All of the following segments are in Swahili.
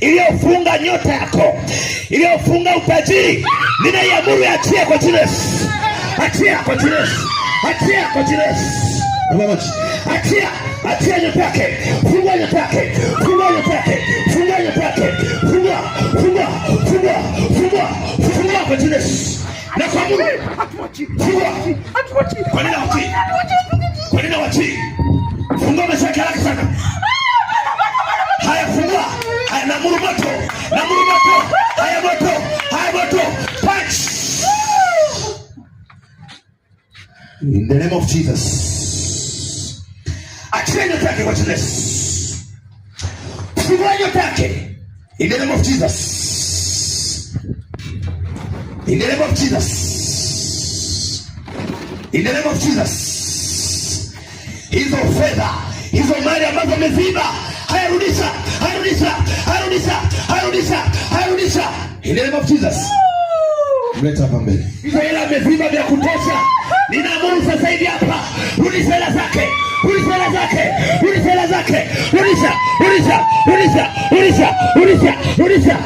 iliyofunga nyota yako, iliyofunga utajiri, ninaiamuru achia kwa jina Yesu, achia kwa jina Yesu, achia kwa jina Yesu, achia achia nyota yake, fungua nyota yake, fungua nyota yake, fungua nyota yake, fungua, fungua, fungua, fungua, fungua kwa jina Yesu na kwa Mungu, fungua. Kwa nini wachi? Kwa nini wachi? Namuru moto, namuru moto, haya moto, haya moto, punch. In the name of Jesus. Achilia nyota yake kwa jina Fungua nyota yake. In the name of Jesus. In the name of Jesus. In the name of Jesus. Hizo fedha, hizo mali ambazo ameziba In the name of Jesus. Mleta hapa mbele. Hizo hela amevimba vya kutosha. Ninaamuru sasa hivi hapa. Rudisha hela zake. Rudisha hela zake. Rudisha hela zake. Rudisha, rudisha, rudisha, rudisha, rudisha, rudisha,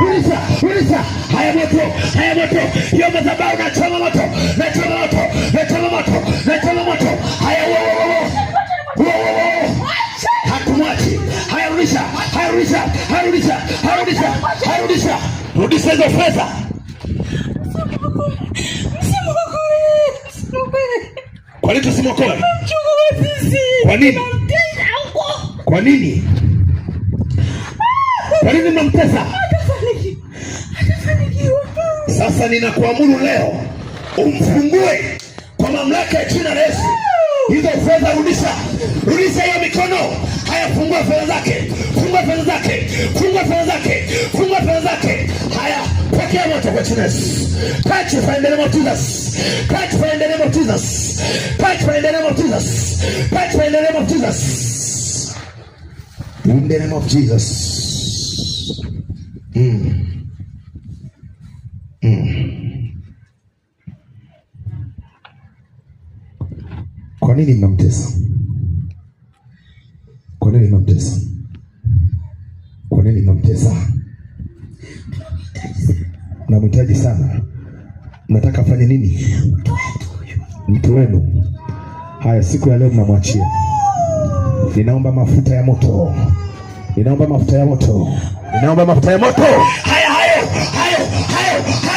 rudisha, rudisha, Haya moto, haya moto. Hiyo madhabahu na choma moto. harudisha, harudisha, harudisha, rudisha hizo fedha. Kwa nini tusimwokoe? Kwa nini? Kwa nini? Ah! Kwa nini mnamtesa? Sasa ninakuamuru leo umfungue kwa mamlaka ya hizo fedha rudisha, rudisha hiyo mikono. Haya, fungua fedha zake, fungua fedha zake, fungua fedha zake, fungua fedha zake. Haya, pokea moto kwa jina Yesu. Catch fire in the name of Jesus. Catch fire in the name of Jesus. Catch fire in the name of Jesus. Catch fire in the name of Jesus. In the name of Jesus. Mm. Kwa nini mnamtesa? Kwa nini mnamtesa? Kwa nini mnamtesa? namhitaji sana, mnataka afanye nini? Mtu wenu. Haya, siku ya leo mnamwachia. Ninaomba mafuta ya moto, ninaomba mafuta ya moto, ninaomba mafuta ya moto. Haya, haya, haya, haya.